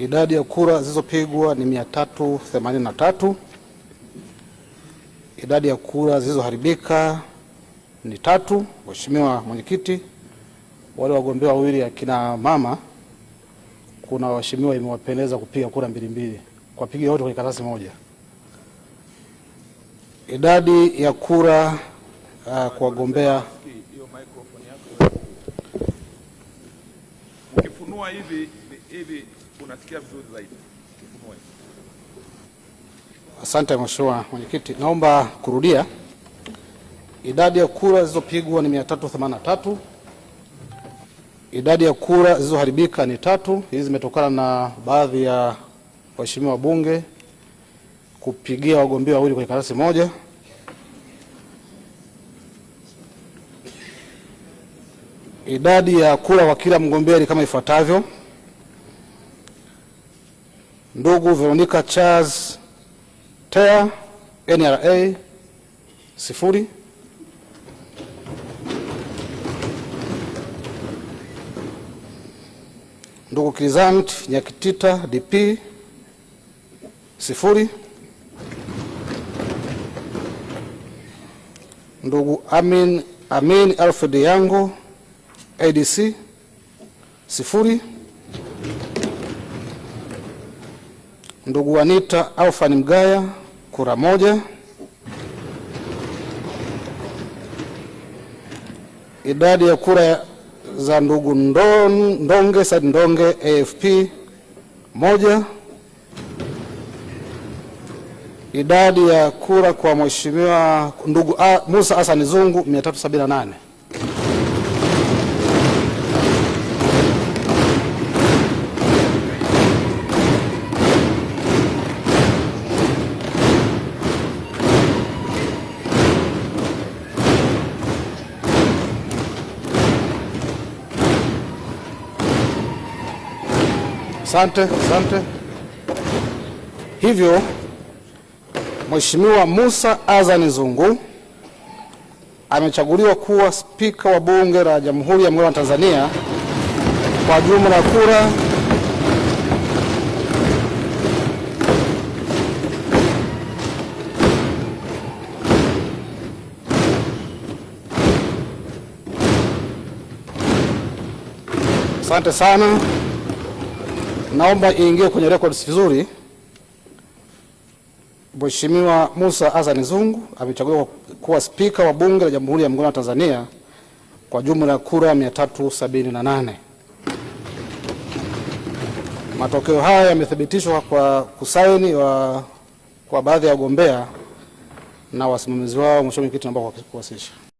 Idadi ya kura zilizopigwa ni 383. Idadi ya kura zilizoharibika ni tatu. Mheshimiwa Mwenyekiti, wale wagombea wawili akina mama, kuna waheshimiwa imewapendeza kupiga kura mbili mbili, pigi wote kwenye karatasi moja. Idadi ya kura uh, kwa wagombea hiyo hivi ili unafikia vizuri zaidi Asante mheshimiwa mwenyekiti, naomba kurudia idadi ya kura zilizopigwa ni 383. Idadi ya kura zilizoharibika ni tatu. Hizi zimetokana na baadhi ya waheshimiwa wabunge kupigia wagombea wawili kwenye karatasi moja. Idadi ya kura kwa kila mgombea ni kama ifuatavyo: ndugu Veronica Charles Tea NRA sifuri. Ndugu Krizant Nyakitita DP sifuri. Ndugu Amin Amin Alfred Yango ADC sifuri. Ndugu Anita Alfani Mgaya kura moja. Idadi ya kura za ndugu Ndon, Ndonge Said Ndonge AFP moja. Idadi ya kura kwa mheshimiwa ndugu Musa Hassan Zungu 378. Asante, asante. Hivyo Mheshimiwa musa azani Zungu amechaguliwa kuwa spika wa Bunge la Jamhuri ya Muungano wa Tanzania kwa jumla ya kura Asante sana. Naomba iingie kwenye records vizuri. Mheshimiwa musa Azan Zungu amechaguliwa kuwa spika wa bunge la Jamhuri ya Muungano wa Tanzania kwa jumla ya kura 378. Matokeo haya yamethibitishwa kwa kusaini wa, kwa baadhi ya wagombea na wasimamizi wao. Mheshimiwa Mwenyekiti, naomba kuwasilisha.